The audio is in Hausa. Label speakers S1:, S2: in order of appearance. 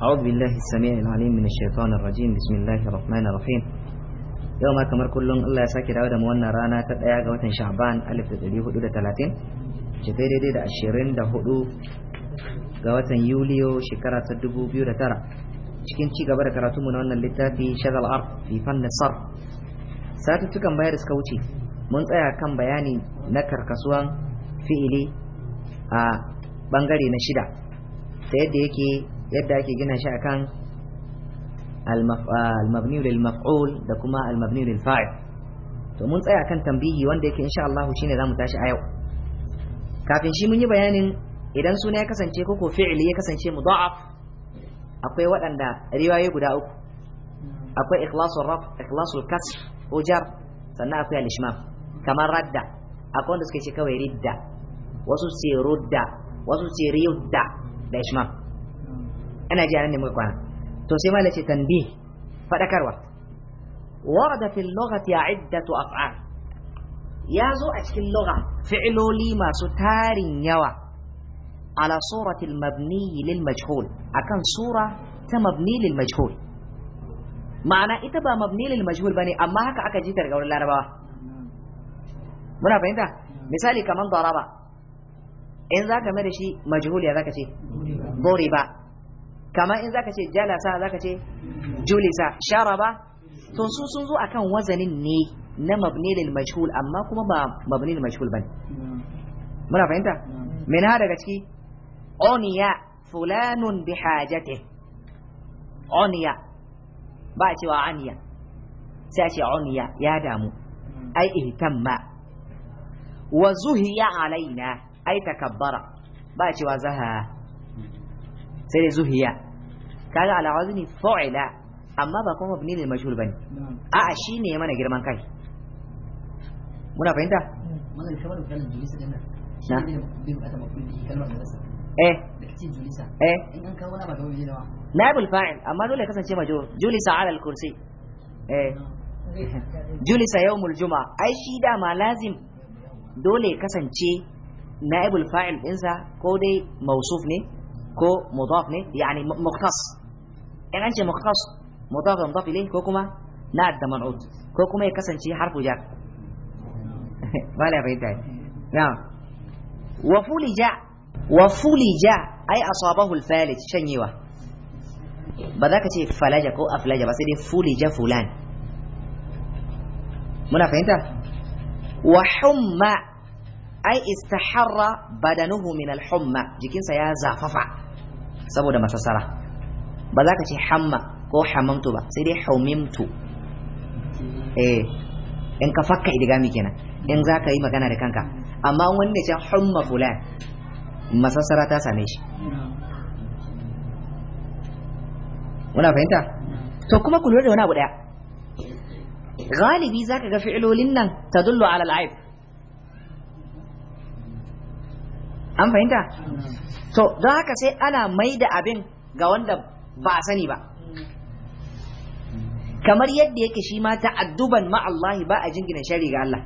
S1: أعوذ بالله السميع العليم من الشيطان الرجيم بسم الله الرحمن الرحيم yau ma kamar kullum Allah ya sake dawo da mu wannan rana ta ɗaya ga watan Sha'ban 1430 ce daidai da 24 ga watan Yuliyo shekara ta 2009 cikin ci gaba da karatu mu na wannan littafi Shagal Arf fi fanni sar satuttukan baya da suka wuce mun tsaya kan bayani na karkasuwan fi'ili a bangare na shida da yadda yake yadda ake gina shi akan ah, al-mabni lil maf'ul da kuma al-mabni lil fa'il to mun tsaya kan tambihi wanda yake insha Allah shine zamu tashi a yau kafin shi mun yi bayanin idan suna ya kasance ko ko fi'li ya kasance mudha'af akwai waɗanda riwaye guda uku akwai ikhlasul raf ikhlasul kasr ko jar sannan akwai al-ishmam kamar radda akwai wanda suke ce kawai ridda wasu ce rudda wasu ce da ishmam ina ji anan ne muka kwana to sai malai ce tanbih fadakarwa warada fil lughati iddatu af'al ya zo a cikin lugha fi'iloli masu tarin yawa ala surati al mabni lil majhul akan sura ta mabni lil majhul ma'ana ita ba mabni lil majhul bane amma haka aka ji ta daga wurin larabawa muna fahimta misali kaman daraba in za ka mai da shi majhul ya zaka ce doriba kama in zaka ce jalasa zaka ce julisa sharaba to su sun zo akan wazanin ne na mabni lil majhul amma kuma ba mabni lil majhul bane muna fahimta min ha daga ciki oniya fulanun bi hajati oniya ba cewa aniya sai a ce oniya ya damu ai ihtamma wa zuhiya alaina ai takabbara ba cewa zaha sai dai zuhiya kaga ala fa'ila amma ba kuma mabni ne mashhur bane a'a shine mana girman kai muna fahimta mana kamar kalmar julisa din nan shi ne bin ata mafuli kalmar julisa eh da kace julisa eh in an kawo na ba gaba wa naibul fa'il amma dole kasance majrur julisa ala al-kursi eh julisa yawmul juma'a ai shi ma lazim dole kasance naibul fa'il dinsa ko dai mausuf ne كو مضاف ليه يعني مختص يعني أنت مختص مضاف مضاف إليه كوكما نعد ده منعود كوكما يكسن شيء حرف نعم. جاء ولا فهمت نعم وفولج وفولج أي أصابه الفالج شنيوه بذاك شيء فلج كو أفلج بس دي فولج فلان منا فهمت وحمى أي استحر بدنه من الحمى جكين سيا زاففا saboda masasara ba za ka ce hamma ko hamamtu ba sai dai haumimtu eh in ka fakka idigami kenan in za ka yi magana da kanka amma wanda ya ce hamma fulan masasara ta same shi muna fahimta to kuma ku lura da wani abu daya galibi za ka ga fi'ilolin nan ta dullo al'aib an fahimta to don haka sai ana mai da abin ga wanda ba sani ba kamar yadda yake shi ma ta'adduban ma ba a jingina shari ga Allah